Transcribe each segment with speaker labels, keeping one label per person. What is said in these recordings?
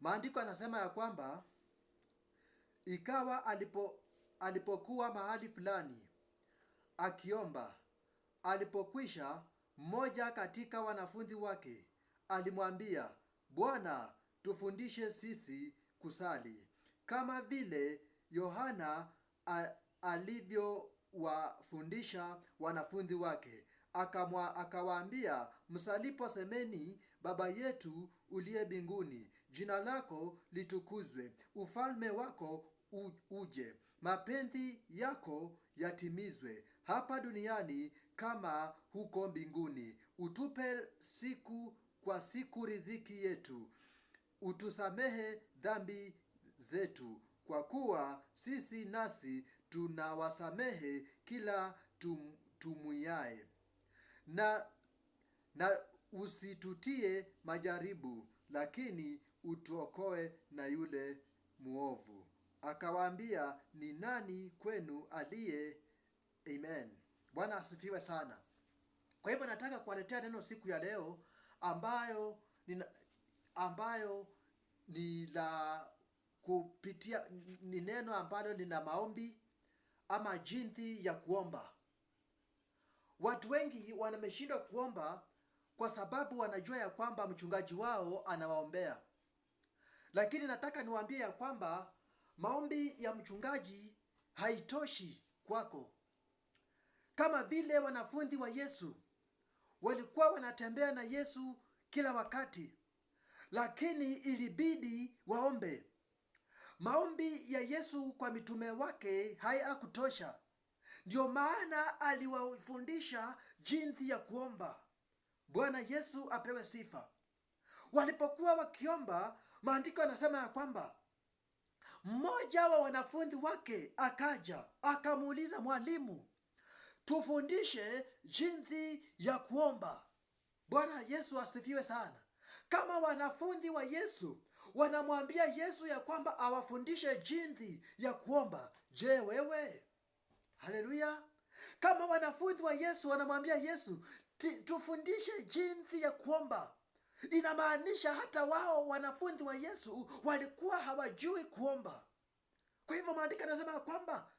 Speaker 1: Maandiko anasema ya kwamba ikawa alipo, alipokuwa mahali fulani akiomba, alipokwisha, mmoja katika wanafunzi wake alimwambia, Bwana, tufundishe sisi kusali kama vile Yohana alivyowafundisha wanafunzi wake. Akawaambia, msalipo semeni, Baba yetu uliye binguni jina lako litukuzwe, ufalme wako uje, mapenzi yako yatimizwe hapa duniani kama huko mbinguni. Utupe siku kwa siku riziki yetu, utusamehe dhambi zetu, kwa kuwa sisi nasi tunawasamehe kila tum, tumuyae na, na usitutie majaribu, lakini utuokoe na yule mwovu. Akawaambia, ni nani kwenu aliye? Amen. Bwana asifiwe sana. Kwa hivyo nataka kuwaletea neno siku ya leo ambayo ni ambayo ni la kupitia, ni neno ambalo lina maombi ama jinsi ya kuomba. Watu wengi wameshindwa kuomba kwa sababu wanajua ya kwamba mchungaji wao anawaombea lakini nataka niwaambie ya kwamba maombi ya mchungaji haitoshi kwako. Kama vile wanafunzi wa Yesu walikuwa wanatembea na Yesu kila wakati, lakini ilibidi waombe. Maombi ya Yesu kwa mitume wake hayakutosha, ndio maana aliwafundisha jinsi ya kuomba. Bwana Yesu apewe sifa. Walipokuwa wakiomba maandiko yanasema ya kwamba mmoja wa wanafunzi wake akaja akamuuliza, mwalimu, tufundishe jinsi ya kuomba. Bwana Yesu asifiwe sana. Kama wanafunzi wa Yesu wanamwambia Yesu ya kwamba awafundishe jinsi ya kuomba, je, wewe? Haleluya! Kama wanafunzi wa Yesu wanamwambia Yesu, tufundishe jinsi ya kuomba Inamaanisha hata wao wanafunzi wa Yesu walikuwa hawajui kuomba. Kwa hivyo maandiko anasema kwamba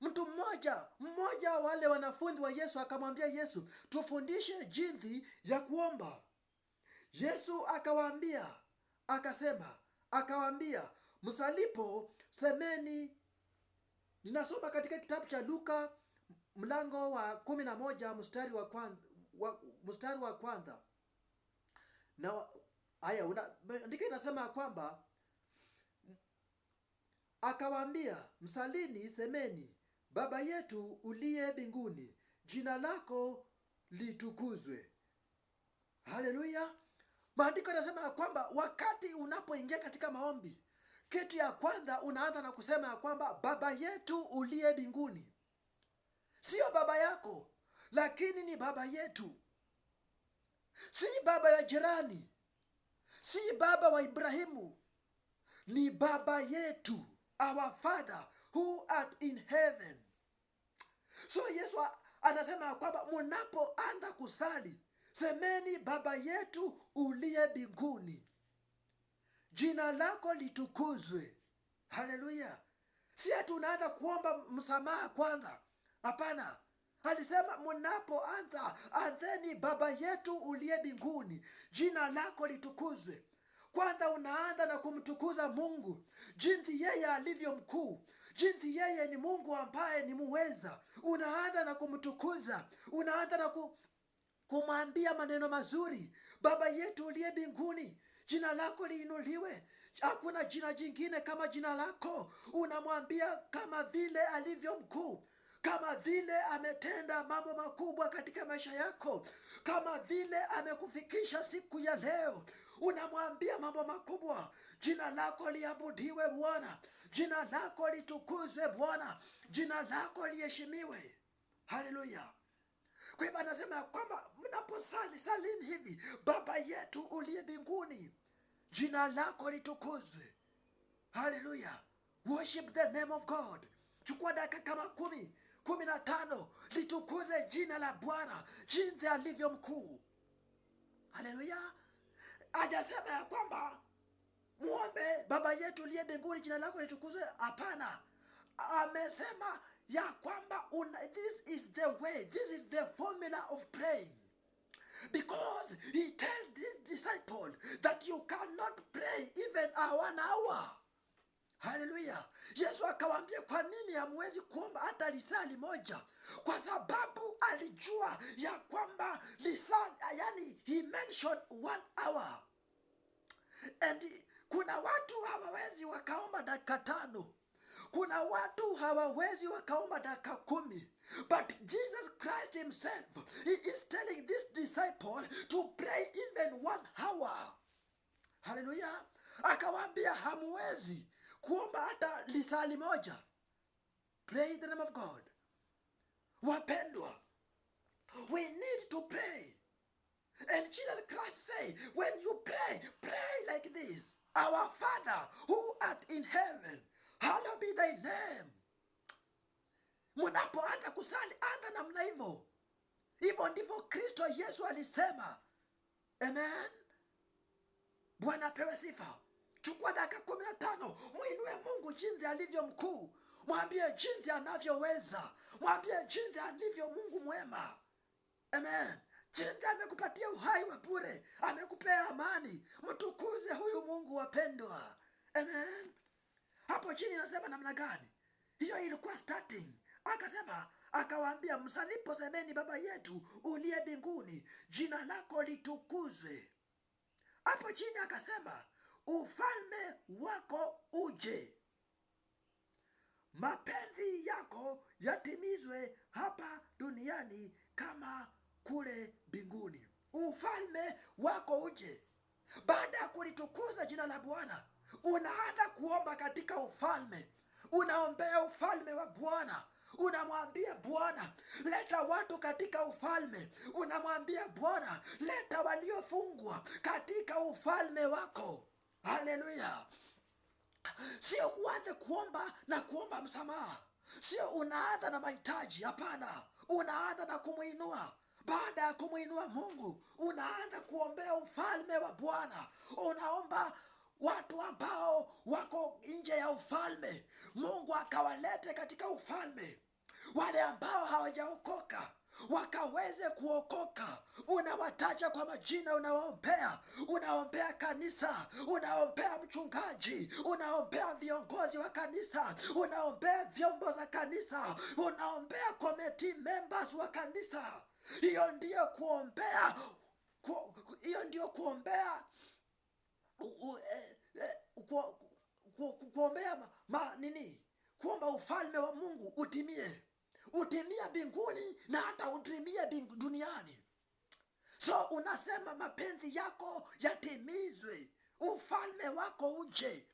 Speaker 1: mtu mmoja mmoja wale wanafunzi wa Yesu akamwambia Yesu, tufundishe jinsi ya kuomba. Yesu akawaambia akasema akawaambia, msalipo semeni. Ninasoma katika kitabu cha Luka mlango wa kumi na moja mstari wa kwanza, mstari wa kwanza na haya una andika inasema kwamba akawaambia, msalini semeni, Baba yetu uliye binguni jina lako litukuzwe. Haleluya! Maandiko yanasema kwamba wakati unapoingia katika maombi, kitu ya kwanza unaanza na kusema ya kwamba Baba yetu uliye binguni Sio baba yako, lakini ni baba yetu si baba ya jirani, si baba wa Ibrahimu, ni baba yetu, our father who art in heaven. So Yesu anasema kwamba munapoanza kusali semeni, baba yetu uliye mbinguni, jina lako litukuzwe. Haleluya! Si ati unaanza kuomba msamaha kwanza, hapana alisema mnapoanza anzeni, Baba yetu uliye mbinguni, jina lako litukuzwe. Kwanza unaanza na kumtukuza Mungu, jinsi yeye alivyo mkuu, jinsi yeye ni Mungu ambaye ni muweza. Unaanza na kumtukuza, unaanza na kumwambia maneno mazuri, Baba yetu uliye mbinguni, jina lako liinuliwe. Hakuna jina jingine kama jina lako. Unamwambia kama vile alivyo mkuu kama vile ametenda mambo makubwa katika maisha yako, kama vile amekufikisha siku ya leo, unamwambia mambo makubwa. Jina lako liabudiwe Bwana, jina lako litukuzwe Bwana, jina lako liheshimiwe. Haleluya! Kwa hivyo anasema ya kwamba mnaposali salini hivi: Baba yetu uliye mbinguni, jina lako litukuzwe. Haleluya! Worship the name of God. Chukua dakika kama kumi kumi na tano litukuze jina la Bwana jinsi alivyo mkuu. Haleluya! Ajasema ya kwamba muombe baba yetu uliye mbinguni jina lako litukuzwe. Hapana, amesema ya kwamba una, this is the way, this is the formula of praying because he tells this disciple that you cannot pray even a one hour Haleluya! Yesu akawaambia, kwa nini hamwezi kuomba hata lisaa limoja? Kwa sababu alijua ya kwamba lisaa, yani he mentioned one hour and kuna watu hawawezi wakaomba dakika tano. Kuna watu hawawezi wakaomba dakika kumi. But Jesus Christ himself he is telling this disciple to pray even one hour. Haleluya! Akawaambia hamwezi kuomba hata lisali moja. Pray the name of God. Wapendwa, we need to pray. And Jesus Christ say, when you pray, pray like this. Our Father who art in heaven, hallowed be thy name. Munapoanza kusali anza namna hivyo. Hivyo ndivyo Kristo Yesu alisema. Amen. Bwana pewe sifa. Chukua dakika kumi na tano mwinue Mungu jinsi alivyo mkuu, mwambie jinsi anavyoweza, mwambie jinsi alivyo Mungu mwema. Amen. Jinsi amekupatia uhai wa bure, amekupea amani. Mtukuze huyu Mungu wapendwa. Amen. Hapo chini nasema namna gani? Hiyo ilikuwa starting. Akasema akawaambia, msalipo semeni, Baba yetu uliye binguni jina lako litukuzwe. Hapo chini akasema ufalme wako uje, mapenzi yako yatimizwe hapa duniani kama kule mbinguni. Ufalme wako uje. Baada ya kulitukuza jina la Bwana, unaanza kuomba katika ufalme, unaombea ufalme wa Bwana. Unamwambia Bwana, leta watu katika ufalme. Unamwambia Bwana, leta waliofungwa katika ufalme wako. Haleluya! Sio kuanza kuomba na kuomba msamaha, sio unaadha na mahitaji. Hapana, unaadha na kumwinua baada ya kumwinua Mungu unaanza kuombea ufalme wa Bwana. Unaomba watu ambao wako nje ya ufalme, Mungu akawalete katika ufalme wale ambao hawajaokoka wakaweze kuokoka. Unawataja kwa majina, unawaombea, unaombea kanisa, unaombea mchungaji, unaombea viongozi wa kanisa, unaombea vyombo za kanisa, unaombea komiti members wa kanisa. Hiyo ndiyo kuombea, hiyo ndiyo kuombea e, e, kuombea ma nini, kuomba ufalme wa Mungu utimie utimia binguni na hata utimia duniani. So unasema mapenzi yako yatimizwe, ufalme wako uje.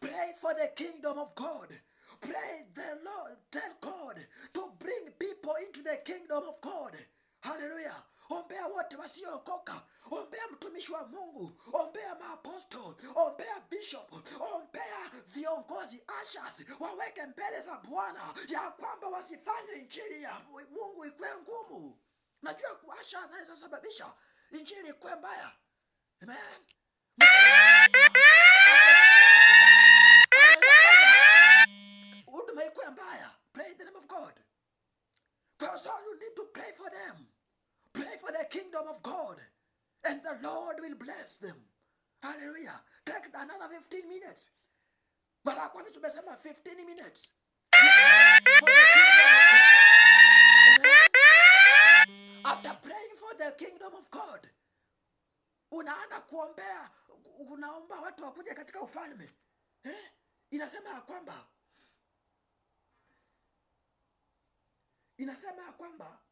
Speaker 1: Pray for the kingdom of God. Pray the Lord, tell God to bring people into the kingdom of God. Hallelujah ombea wote wasiookoka, ombea mtumishi wa Mungu, ombea maapostol, ombea bishop, ombea viongozi ashas, waweke mbele za Bwana ya kwamba wasifanye injili ya Mungu ikwe ngumu. Najua kuasha anaweza sababisha injili ikwe mbaya. Amen. Huduma mbaya. Pray in the name of God. you need to pray for them for the kingdom of God, and the Lord will bless them. Hallelujah. Take another 15 minutes. Mara kwanza tumesema 15 minutes. After praying for the kingdom of God, unaanza kuombea, unaomba watu wakuje katika ufalme eh? Inasema ya kwamba inasema ya kwamba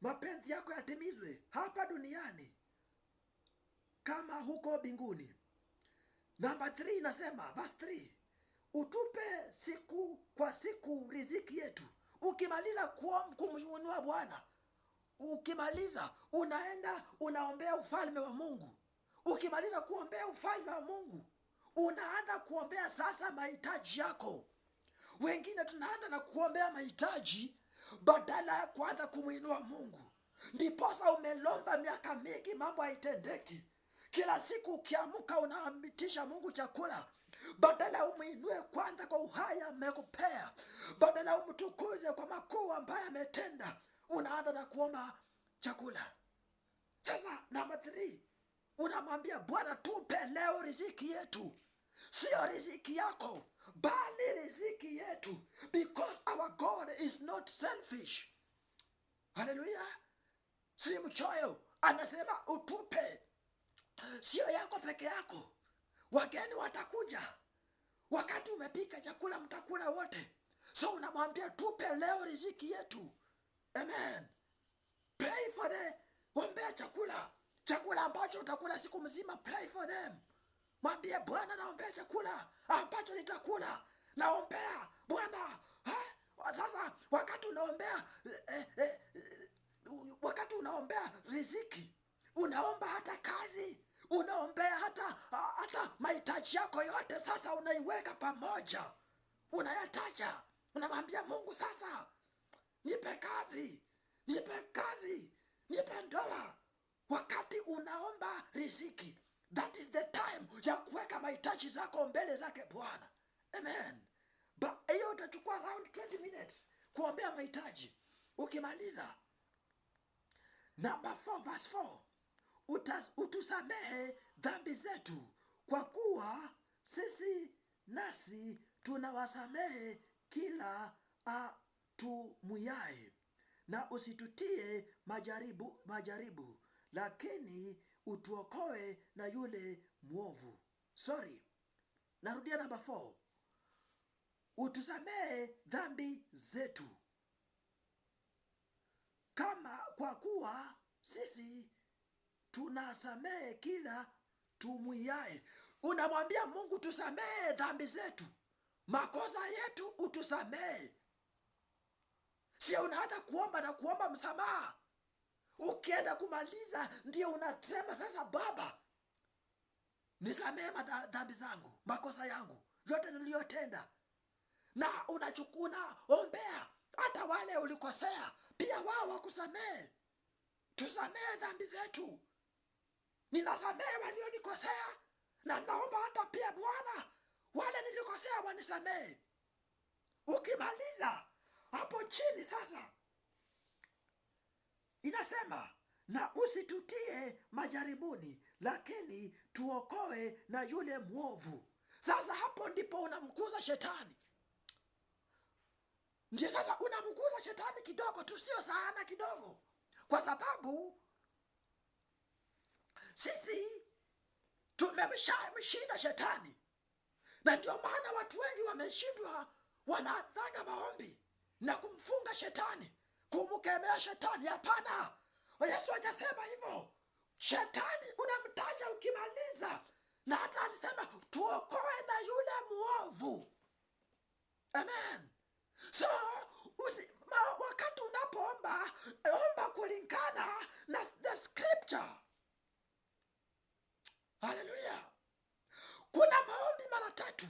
Speaker 1: mapenzi yako yatimizwe hapa duniani kama huko binguni Namba 3 inasema, verse 3, utupe siku kwa siku riziki yetu. Ukimaliza kumnua Bwana, ukimaliza unaenda unaombea ufalme wa Mungu. Ukimaliza kuombea ufalme wa Mungu, unaanza kuombea sasa mahitaji yako. Wengine tunaanza na kuombea mahitaji badala ya kuanza kumwinua Mungu. Ndiposa umelomba miaka mingi, mambo haitendeki. Kila siku ukiamka unaamitisha Mungu chakula badala umwinue kwanza kwa uhai amekupea, badala umtukuze kwa makuu ambayo ametenda, unaanza na kuomba chakula. Sasa namba 3 unamwambia Bwana, tupe leo riziki yetu. Sio riziki yako, bali riziki yetu, because our God is not selfish. Haleluya! Si mchoyo, anasema utupe, sio yako peke yako. Wageni watakuja, wakati umepika chakula mtakula wote, so unamwambia tupe leo riziki yetu. Amen. Pray for them ombea chakula, chakula ambacho utakula siku mzima. Pray for them Mwambie Bwana, naombea chakula ambacho nitakula, naombea Bwana. Sasa wakati unaombea eh, eh, eh, wakati unaombea riziki, unaomba hata kazi, unaombea hata hata mahitaji yako yote, sasa unaiweka pamoja, unayataja, unamwambia Mungu, sasa nipe kazi, nipe kazi, nipe ndoa. Wakati unaomba riziki That is the time ya kuweka mahitaji zako mbele zake Bwana. Amen. Ba hiyo utachukua around 20 minutes kuombea mahitaji. Ukimaliza number 4 verse 4. Utas, utusamehe dhambi zetu kwa kuwa sisi nasi tunawasamehe kila atumuyae na usitutie majaribu, majaribu lakini utuokoe na yule mwovu. Sorry, narudia namba 4, utusamehe dhambi zetu kama kwa kuwa sisi tunasamehe kila tumwiae Unamwambia Mungu, tusamehe dhambi zetu, makosa yetu utusamehe. Sio unaanza kuomba na kuomba msamaha Ukienda kumaliza ndio unasema sasa, Baba nisamehe madhambi zangu, makosa yangu yote niliyotenda, na unachukuna ombea hata wale ulikosea pia wao wakusamehe. Tusamehe dhambi zetu. Ninasamehe walionikosea na naomba hata pia Bwana wale nilikosea wanisamehe. Ukimaliza hapo chini sasa Anasema, na usitutie majaribuni, lakini tuokoe na yule mwovu. Sasa hapo ndipo unamkuza shetani, ndio sasa unamkuza shetani kidogo tu, sio sana kidogo, kwa sababu sisi tumemshinda shetani, na ndio maana watu wengi wameshindwa, wanataka maombi na kumfunga shetani kumkemea shetani. Hapana, Yesu hajasema hivyo. Shetani unamtaja ukimaliza, na hata alisema tuokoe na yule mwovu. Amen. So usi, ma, wakati unapoomba omba kulingana na the scripture. Haleluya! Kuna maombi mara tatu.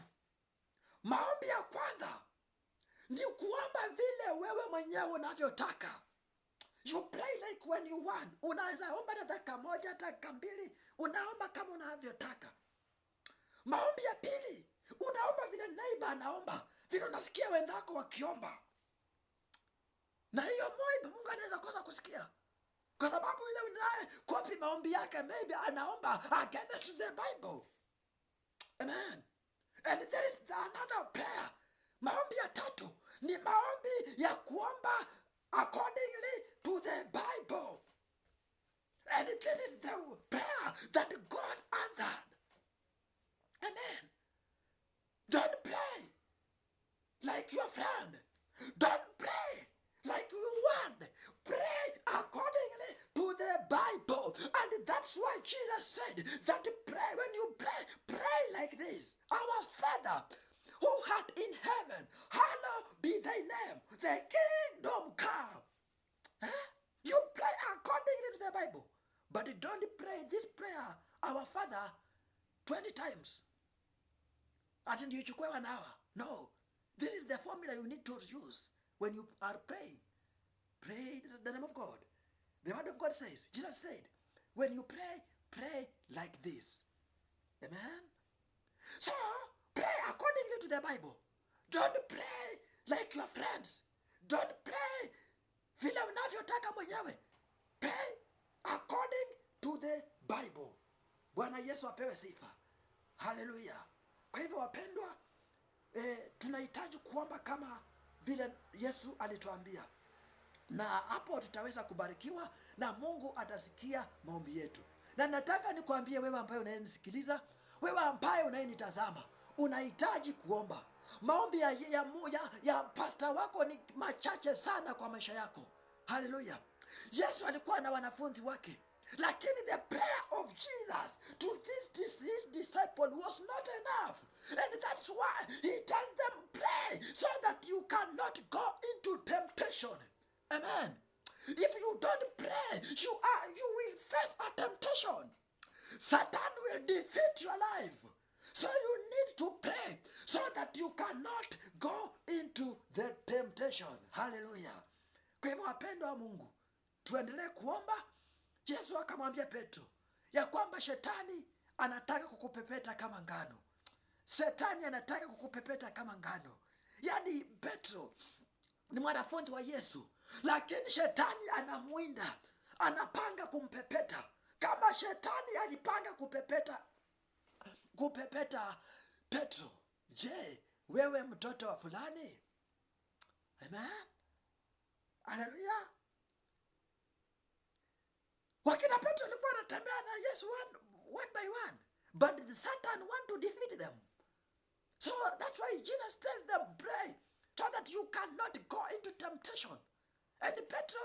Speaker 1: Maombi ya kwanza ni kuomba vile wewe mwenyewe unavyotaka. You pray like when you want. Unaweza omba na dakika moja, dakika mbili, unaomba kama unavyotaka. Maombi ya pili, unaomba vile neiba anaomba, vile unasikia wenzako wakiomba, na hiyo moiba Mungu anaweza kosa kusikia kwa sababu ile unaye kopi maombi yake, maybe anaomba against the Bible. Amen. And there is another prayer Maombi ya tatu ni maombi ya kuomba accordingly to the Bible. And this is the prayer that God answered. Amen. Don't pray like your friend. Don't pray like you want. Pray accordingly to the Bible. And that's why Jesus said that pray when you pray, pray like this. Our Father who art in heaven, hallowed be thy name, The kingdom come. Huh? You pray accordingly to the Bible, but don't pray this prayer, our Father, 20 times. you should ndiichukue one hour. No. This is the formula you need to use when you are praying. Pray the name of God. The word of God says, Jesus said, when you pray, pray like this. Amen? So, Pray accordingly to the Bible. Don't pray like your friends. Don't pray vile unavyotaka mwenyewe. Pray according to the Bible. Bwana Yesu apewe sifa. Haleluya. Kwa hivyo wapendwa, eh, tunahitaji kuomba kama vile Yesu alituambia, na hapo tutaweza kubarikiwa na Mungu atasikia maombi yetu. Na nataka nikuambie wewe ambaye unayenisikiliza, wewe ambaye unayenitazama unahitaji kuomba. Maombi ya, ya, ya, ya pasta wako ni machache sana kwa maisha yako. Haleluya! Yesu alikuwa na wanafunzi wake, lakini the prayer of Jesus to this, this, his disciple was not enough and that's why he told them pray so that you cannot go into temptation. Amen. If you don't pray, you are you will face a temptation. Satan will defeat your life. So you need to pray so that you cannot go into the temptation. Haleluya! Kwa hivyo wapendo wa Mungu, tuendelee kuomba. Yesu akamwambia Petro ya kwamba shetani anataka kukupepeta kama ngano. Shetani anataka kukupepeta kama ngano. Yaani Petro ni mwanafunzi wa Yesu, lakini shetani anamwinda, anapanga kumpepeta kama shetani alipanga kupepeta kupepeta Petro, je, wewe mtoto wa fulani? Amen, haleluya. Wakina Petro alikuwa anatembea na Yesu one, one by one but the Satan want to defeat them so that's why Jesus tell them pray so that you cannot go into temptation and Petro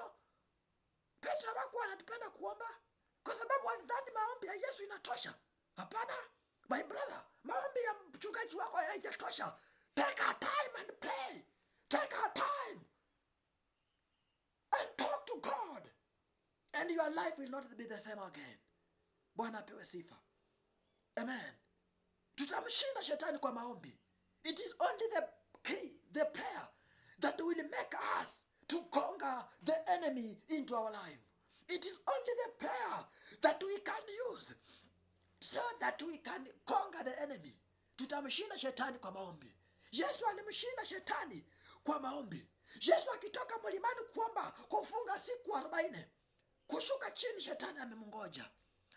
Speaker 1: Petro hawakuwa anapenda kuomba kwa sababu alidhani maombi ya Yesu inatosha. Hapana. My brother, maombi ya mchungaji wako haijatosha. Take our time and pray. Take our time and talk to God and your life will not be the same again. Bwana apewe sifa. Amen. Tutamshinda shetani kwa maombi. It is only the key, the prayer that will make us to conquer the enemy into our life. It is only the prayer that we can use so that we can conquer the enemy. Tutamshinda shetani kwa maombi. Yesu alimshinda shetani kwa maombi. Yesu akitoka mlimani kuomba, kufunga siku arobaini, kushuka chini, shetani amemngoja.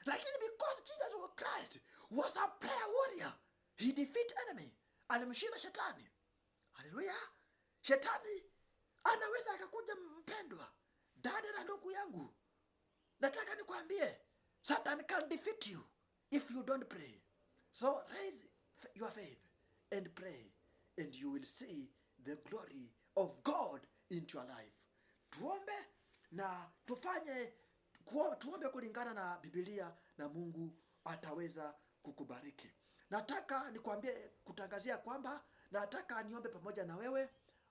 Speaker 1: Lakini because Jesus Christ was a prayer warrior, he defeat enemy, alimshinda shetani. Haleluya! Shetani anaweza akakuja, mpendwa dada na ndugu yangu, nataka nikwambie, Satan can defeat you if you don't pray. So raise your faith and pray, and you will see the glory of God into your life. Tuombe na tufanye tuombe kulingana na Biblia na Mungu ataweza kukubariki. Nataka nikwambie kutangazia kwamba nataka niombe pamoja na wewe.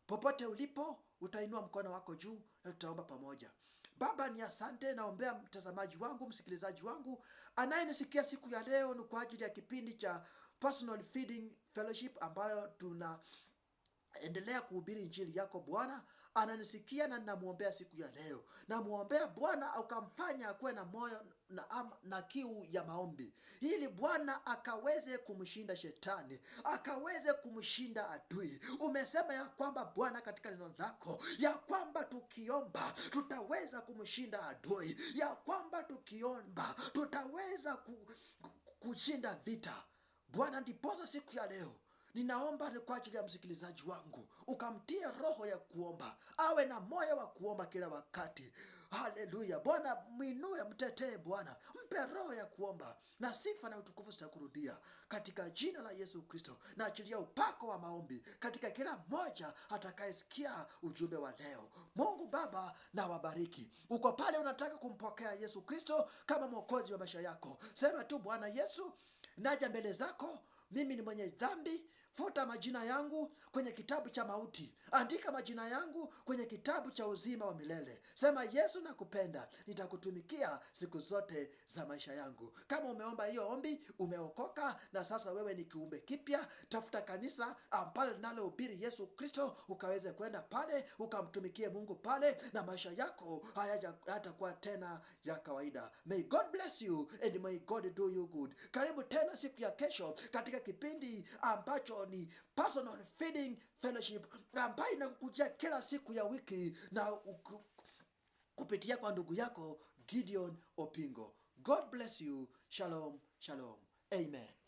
Speaker 1: Popote ulipo, utainua mkono wako juu na tutaomba pamoja. Baba, ni asante, naombea mtazamaji wangu, msikilizaji wangu anayenisikia siku ya leo, ni kwa ajili ya kipindi cha Personal Feeding Fellowship ambayo tunaendelea kuhubiri injili yako Bwana ananisikia na ninamwombea siku ya leo. Namwombea Bwana ukamfanya akuwe na moyo na, na kiu ya maombi ili Bwana akaweze kumshinda shetani, akaweze kumshinda adui. Umesema ya kwamba Bwana, katika neno lako ya kwamba tukiomba tutaweza kumshinda adui, ya kwamba tukiomba tutaweza ku, kushinda vita Bwana, ndiposa siku ya leo Ninaomba kwa ajili ya msikilizaji wangu, ukamtie roho ya kuomba, awe na moyo wa kuomba kila wakati. Haleluya Bwana, mwinue, mtetee Bwana, mpe roho ya kuomba, na sifa na utukufu zitakurudia katika jina la Yesu Kristo. Na upako wa maombi katika kila mmoja atakayesikia ujumbe wa leo. Mungu Baba na wabariki. Uko pale unataka kumpokea Yesu Kristo kama mwokozi wa maisha yako, sema tu Bwana Yesu, naja mbele zako, mimi ni mwenye dhambi futa majina yangu kwenye kitabu cha mauti, andika majina yangu kwenye kitabu cha uzima wa milele. Sema, Yesu nakupenda, nitakutumikia siku zote za maisha yangu. Kama umeomba hiyo ombi, umeokoka na sasa wewe ni kiumbe kipya. Tafuta kanisa ambalo linalohubiri Yesu Kristo, ukaweze kwenda pale ukamtumikie Mungu pale, na maisha yako hayatakuwa tena ya kawaida. May God bless you and may God do you good. Karibu tena siku ya kesho katika kipindi ambacho ni personal feeding fellowship ambayo inakujia kila siku ya wiki na kupitia kwa ndugu yako Gideon Opingo. God bless you. Shalom, shalom. Amen.